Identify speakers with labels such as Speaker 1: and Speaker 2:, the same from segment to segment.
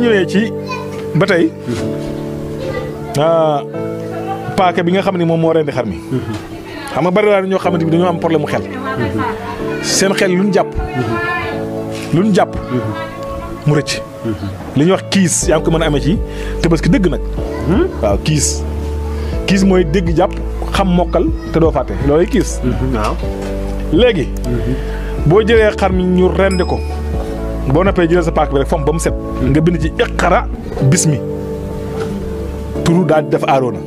Speaker 1: ñu ci ba tey ah, paaka bi nga xam ne moom moo rendi xar mi nga bari ñoo xamante bi dañoo am xel seen xel lu ñu jàpp lu ñu jàpp mu li ñuy wax kiis yaa ngi ko mën a amee ci tabaski dégg nag waaw kiis kiis mooy dégg jàpp xam mokkal te doo fàtte loolay kiis léegi boo jëlee xar mi ñu rendi ko boo noppee jëlee sa paak bi rek fomp ba mu set. nga bind ci iqara bismi turu daal di def aaroona.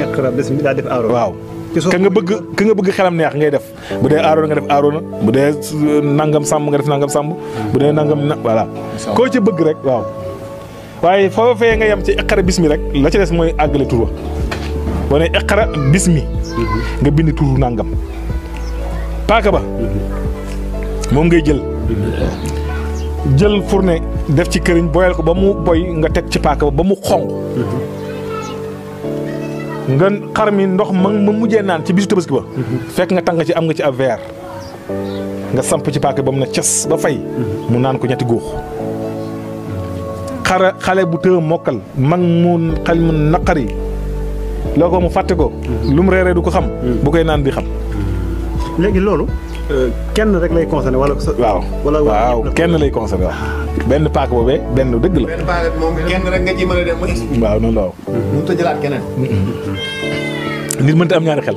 Speaker 1: iqara bismi daal def aaroona. waaw ka nga bëgg ka nga bëgg xelam neex ngay def bu dee aaroona nga def aaroona bu dee nangam sàmm nga def nangam sàmm. bu dee nangam na voilà. koo ci bëgg rek waaw. waaye foofee nga yem ci iqara bismi rek la ci des mooy àggale tur wa boo iqara bismi mhm. nga bind turu nangam paaka ba mhm. moom ngay jël. jël fourne def ci këriñ boyal ko ba mu boy nga teg ci paaka ba mu xonq nga xar mi ndox ma ma mujjee naan ci bisu tabaski ba fekk nga tàng ci am nga ci ab verre nga samp ci paaka ba mu ne ces ba fay mu naan ko ñetti góox xar xale bu tëë mokkal man mu xel mu naqari loo ko mu fàtte ko lu mu reeree du ko xam bu koy naan di xam léegi loolu kenn rek lay concerné wala. waaw waaw kenn lay concerné waaw. benn paak boobee benn dëgg la. benn paak rek a dem mu waaw noonu la waaw. mënut a jëlaat keneen. Mm-hmm. nit mënta am ñaari xel.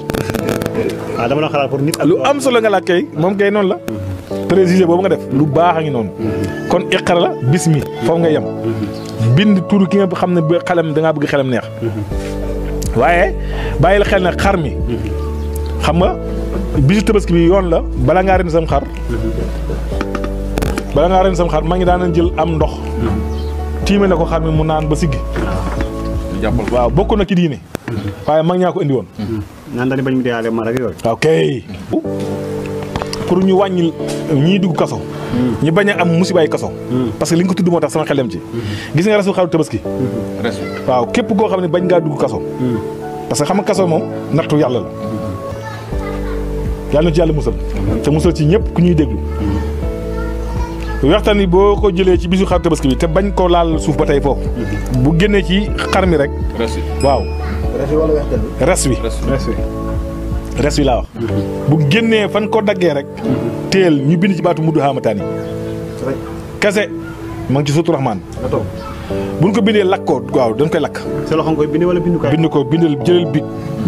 Speaker 1: Ah, dama la xalaat lu am solo nga laaj kay moom kay noonu la. précisé boobu nga def lu baax a ngi noonu. Mm-hmm. kon iqra la bismi. foofu nga yem. Mm-hmm. bind tur ki nga xam ne ba xelam da ngaa bëgg xelam neex. waaye bàyyil xel na xar mi. xam nga. bisu tabaski bi yoon la balaa ngaa ren sam xar bala ngaa ren sam xar maa ngi daan jël am ndox tiime la ko xar mi mu naan ba siggi waaw bokk na ci diine waaye mag ñaa ko indi woon naan bañ mu deyaale mar ak yooyu ok pour ñu wàññi ñii dugg kaso ñu bañ a am musibaay kaso parce que li nga ko tudd moo tax sama xel ci gis nga resu xaru tabaski waaw képp koo xam ne bañ ngaa dugg kaso mm. parce que xam nga kaso moom nattu yàlla la yàlla na ci yàlla musal te musal ci ñëpp ku ñuy déglu waxtaan ni boo ko jëlee ci bisu xar tabaski bi te bañ ko laal suuf ba tey foofu bu génnee ci xar mi rek waaw res wi res wi laa wax bu génnee fan koo daggee rek teel ñu bind ci baatu mudd xaamataan kese kase ma ngi ci suutu raxmaan buñ ko bindee lakk ko waaw dañ koy lakk sa loxo bind wala bind ko bind ko bindal jëlal biig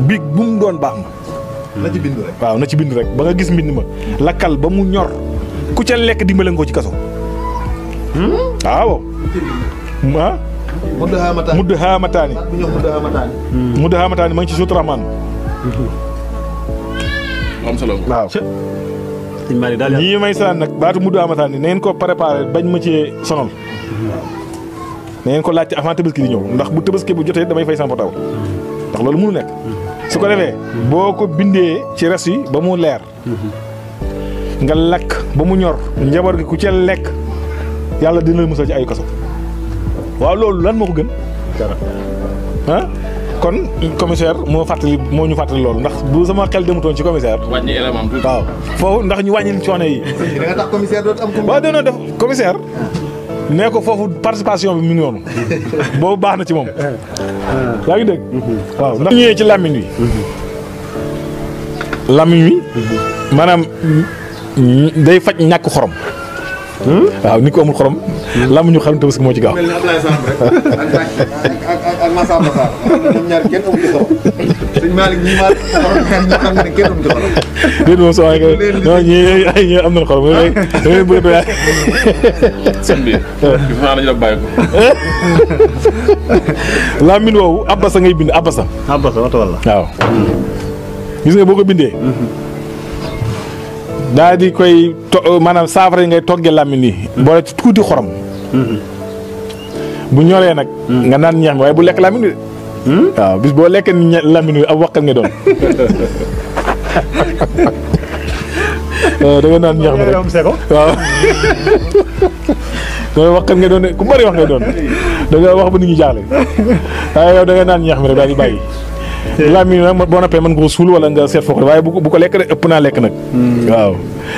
Speaker 1: biig bu mu doon baax ma na ci bind waaw na ci bind rek ba nga gis mbind ma lakkal ba mu ñor ku ca lekk dimbale nga ko ci kaso. Hmm? waaw. ah. mudd haamataani mudd haamataani. mudd haamataani hmm. ma ngi ci suutu Rahmaan. ñii may saan nag baatu mudd haamataani na koo ko bañ ma cee sonal. na ngeen ko laajte avant tabaski di ñëw ndax bu tabaski bu jotee damay fay samp taw ndax loolu mënu nekk. su ko defee boo ko bindee ci res yi ba mu leer nga lakk ba mu ñor njaboot gi ku ca lekk yàlla dina la musal ci ay kaso waaw loolu lan moo ko gën ah kon commissaire moo fàttali moo ñu fàttali loolu ndax bu sama xel demutoon ci commissaire. wàññi élément waaw foofu ndax ñu wàññil coono yi. da nga tax commissaire dootu def commissaire. nee ko foofu participation bi mi ngi noonu boobu baax na ci moom. Eh, eh. yaa ngi dégg. Mhm. waaw ndax mhm. ñëwee ci làmmiñ wi. Mhm. làmmiñ wi. maanaam day faj ñàkk xorom. Hmm? waaw ni ko amul xorom. Hmm. làmmiñu xam tabaski moo ci gaaw. Masamba Sarr ñoom ñaar kenn amul ci solo sëñ Malick ñi ma ñaar ñoo xam ne kenn amul ci solo déet moom soo ay non ñi ay ñi am nañ xorom rek damay bëgg bëgg sëñ bi gis naa dañu la gis nga di koy ngay ci xorom bu ñoree nak hmm. nga nan ñeex way bu lek laamin de hmm? waaw bis boo lekk laamin ab waxal nga doon da nga nan ñeex rek waaw mooy waxal nga doon ku bari wax nga doon da nga wax ba nit ñi jaaxle ay yow da nga nan ñeex mi rek daal di bàyyi hmm. nak bo boo nappee mën ko suul wala nga seet fokk waaye bu ko lek rek ëpp na lek nak waaw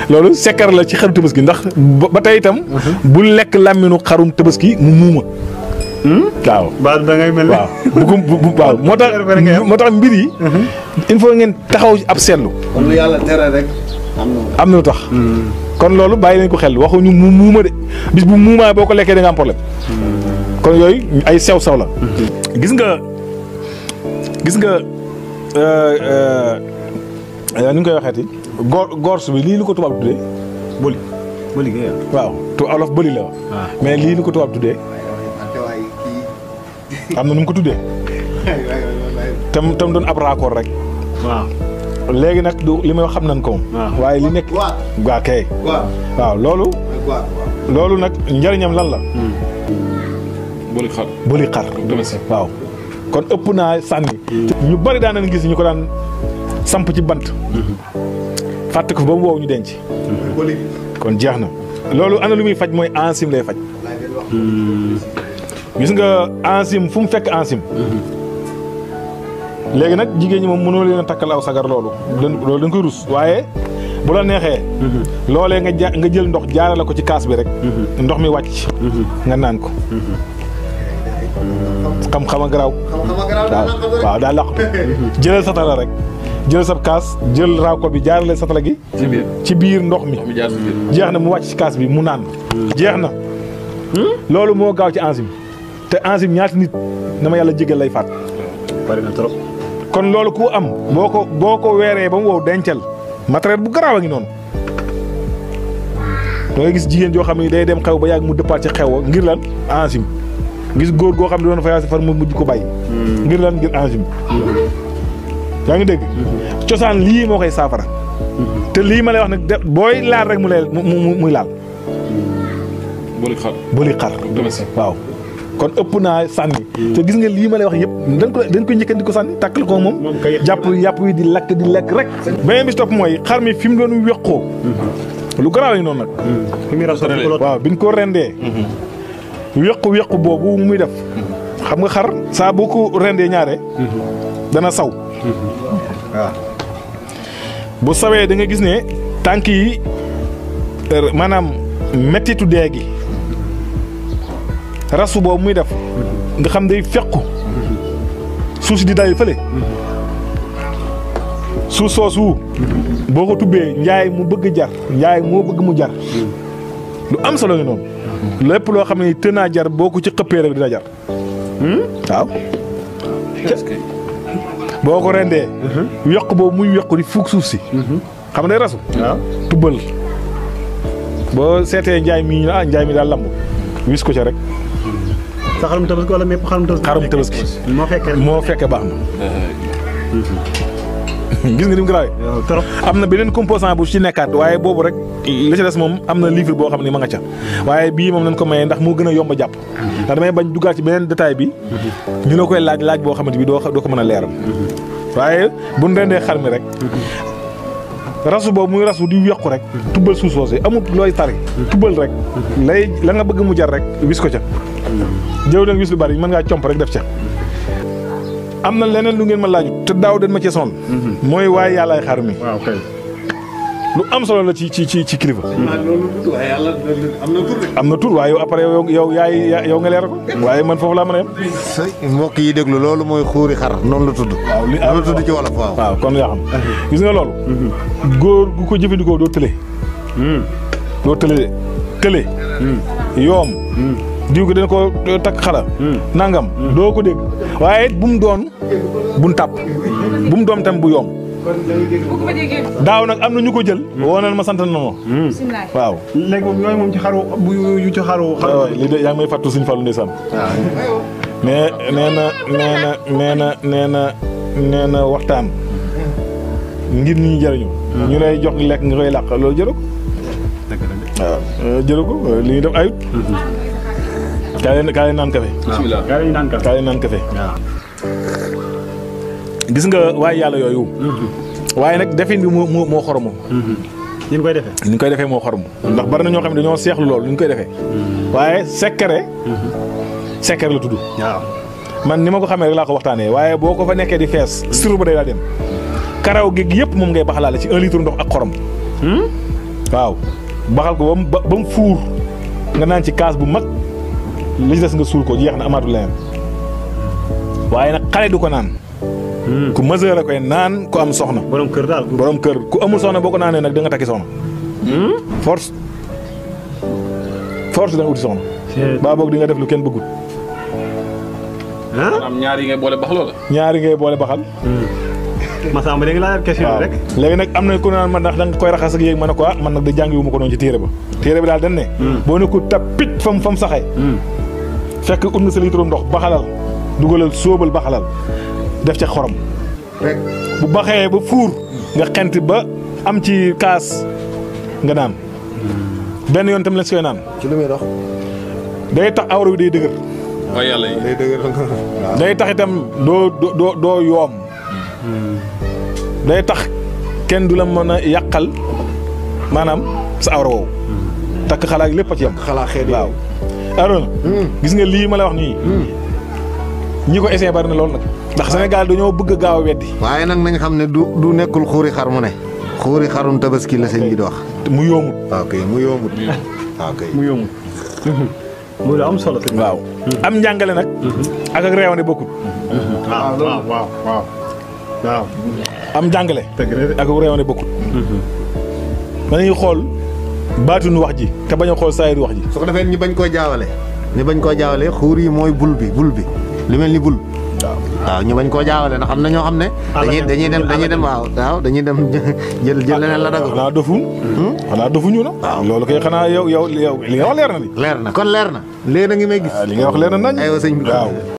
Speaker 1: lolu sekkar la ci xarum tabaski ndax ba tay itam bu lek laminu xarum tebeski mu muuma Hmm? waaw ba da ngay mel waaw bugum bu waaw moo tax mbir yi mhm. il faut ngeen taxaw ab seetlu kon lu tere rek am na tax hmm. kon loolu bàyyi nañ ko xel waxuñu mu muuma de bis bu muumaa boo ko lekkee da nga am problème hmm. kon yooyu ay sew sew la gis nga gis nga ni euh, euh, euh, nga koy gor bi lii lu ko tubaab tuddee waaw tu olof la ah. mais lii lu ko tubaab tuddee am na nu mu ko tuddee. tam tam doon ab raccord rek. waaw. léegi nag du li xam nañ ko. waaye li nekk. waaw kay. waaw loolu. loolu nag njariñam lan la. Hmm. buli xar buli xar. waaw kon ëpp naa sànni. Hmm. ñu bari daan nañ gis ñu ko daan samp ci bant. Hmm. fàtte ko fa ba mu wow ñu denc. kon jeex na. loolu ana lu muy faj mooy enzyme lay faj. gis nga enzyme fu mu fekk enzyme. Mm-hmm. léegi nag jigéen ñi moom mënoo leen a takkal aw sagar loolu. loolu dañ koy rus waaye bu la neexee. Mm-hmm. loolee nga ja nga jël ndox jaarale ko ci kaas bi rek. Mm-hmm. ndox mi wàcc. nga naan ko. xam-xam a garaaw. waaw waaw rek. jël sab kaas jël raaw bi jaarale satala ci biir ci biir ndox mi. jeex na mu wàcc ci kaas bi mu naan. jeex na. Hmm? loolu moo gaaw ci enzyme. te enzyme ñaata nit na ma yàlla jégal lay faat. kon loolu ku am. boo ko boo ko weeree ba mu wow denceel matériel bu garaaw a ngi noonu. da ngay gis jigéen joo xam ne day dem xew ba yàgg mu dëppaat ci xew wa ngir lan enzyme gis góor goo xam ne doon fayaasi far mu mujj ko bàyyi. Hmm. ngir lan ngir enzyme. Hmm. yaa ngi dégg. Hmm. cosaan lii moo koy saafara. te lii ma lay wax nag de booy laal rek mu lay mu muy laal. buli xar buli xar. waaw. kon ëpp naa sànni te gis nga lii ma lay wax yëpp dañ ko dañ ko njëkkandi ko sànni tàkkal ko moom jàpp yàpp yi di lakk di lekk rek beneen bi topp mooy xar fi mu doon weqoo lu garaaw lañu noonu nag waaw biñ ko rendee wequ wequ boobu muy def xam nga xar saa boo ko rendee ñaare dana saw waaw ah. bu sawee da nga gis ne tànk yi er, maanaam mettitu dee rasu boobu muy def nga xam day fequ suuf si di dayu fële suuf soosu boo ko tubbee njaay mu bëgg jar njaay moo bëgg mu jar lu am solo ngi noonu lépp loo xam ne te naa jar boo ko ci xëppee rek dina jar hmm? waaw boo ko rendee yokk boobu muy yokk di fuug suuf si xam day rasu tubbal boo seetee njaay mi ñu ah, njaay mi daal lamb wis ko ca rek sa xarum tabaski wala mépp xarum tabaski. xarum tabaski moo fekkee moo fekkee baax na. gis nga ni mu gravé. am na beneen composant bu ci nekkaat waaye boobu rek li ci des moom am na livre boo xam ne ma nga ca waaye bii moom nañ ko maye ndax moo gën a yomb jàpp. ndax damay bañ duggaat ci beneen détail bi. ñu la koy laaj laaj boo xamante bi doo ko mën a leeral. Mm-hmm. waaye bu ñu rendee xar mi rek. Mm-hmm. rasu bo muy rasu di yokku rek tubal suuf sosé amul loy tari tubal rek lay la nga bëgg mu jar rek wis ko ca jëw leen wis lu bari man nga comp rek def ca amna leneen lu ngeen ma laaju te daw den ma ci son moy mhm. way yalla waaw lu am solo la ci ci ci ci kilifa. am na tur waaye yow après yow yaay yow nga ko. waaye man foofu laa mën a yem. mbokk yi déglu loolu mooy xuuri xar noonu la tudd. waaw li tudd ci wolof waaw. waaw kon yaa ah. gis nga loolu. Mm-hmm. góor gu ko jëfandikoo doo tële. Mm. doo tële mm. yoom. Mm. diw gi dañ ko eh, takk xala nangam. doo ko dégg waaye bu mu doom bu mu tàpp mm-hmm. bu mu doon tam bu yoom. daaw nag am na ñu ko jël. woonal ma sant na ma. waaw. léegi bu yu ci xaru. xaru li de yaa ngi may fàttu suñu Fallou ndeysaan. waaw. nee nee na nee na nee na nee na waxtaan. ngir ñi ñu jëriñu. ñu lay jox lekk nga koy làq loolu jëru ko. waaw jëru ko li def ayut. Mm-hmm. kaay leen kaay leen naan kafe. bisimilah naan kafe. gis nga oh. way yalla yoyu mm-hmm. waye nak defin bi mo mo xoromu mm-hmm. ñu koy defé ñu koy defé mo xoromu ndax bar na ño xam ne dañoo seexlu loolu ñu koy defé mm-hmm. waye secret secret la tuddu waaw man nima ko xamé rek la ko waxtané waye boko fa nekké di fess suru ba day la dem karaw gi yépp mom ngay baxalaale ci 1 litre ndox ak xorom hmm? waaw baxal ko bam bam four nga nan ci kaas bu mag li dess nga sul ko jeex na amatu leneen waye nak xalé du ko nan ku mesure la koy ku am soxna borom kër daal borom ku amul soxna boo ko naanee da nga takki soxna hmm? force force da nga uti soxna baa boog di nga def lu kenn bëggul ah am ñaar yi ngay boole baxaloo la ñaar yi ngay boole baxal hmm. Massamba léegi laa question rek léegi nag am na ku naan man ndax da koy raxas ak yéeg ma ne ko ah man nag da jàngiwuma ko noonu ci téere ba téere bi daal dañ ne hmm. ne ko tapit fam fam fekk sa litre ndox baxalal dugalal baxalal def ci xorom rek bu baxé bu four nga xent ba am ci kaas nga naan ben yon tam la koy naan ci lumuy dox day tax awru day dëgër wa yalla day dëgër day tax itam do do do yom day tax ken dula la yakal a sa awro woowu takk xalaat ci yam xalaat xeet waw aroon hmm. gis nga li ma la wax ni hmm. ñi ko essayé bari na lool nag. ndax Sénégal dañoo bëgg gaaw a weddi. waaye nag nañ xam ne du du nekkul xuuri xar mu ne. xuuri xarum tabaski la sëñ bi di wax. mu yoomut. waaw ah, kay mu yoomut. waaw kay mu yoomut. mu la ah, am solo. waaw am njàngale nag. ak ak réew ne bokkut. waaw waaw waaw waaw. waaw. am njàngale. ak réew ne bokkut. danañu xool baatunu wax ji te bañ a xool saa wax ji. su ko defee ñu bañ koo jaawale. ñu bañ koo jaawale xuur yi mooy bul bi bul bi. lu mel ni bul. waaw ñu bañ koo jaawale ndax am na ñoo xam ne. dañuy dañuy dem dañuy dem waaw waaw dañuy dem jël jël leneen la dagg. xanaa dofu. Hmm? xanaa dofu ñu loolu kay xanaa yow yow yow li nga wax leer na. leer na kon leer na. léegi na ngi may gis. li nga wax leer na nañ. aywa sëñ bi waaw.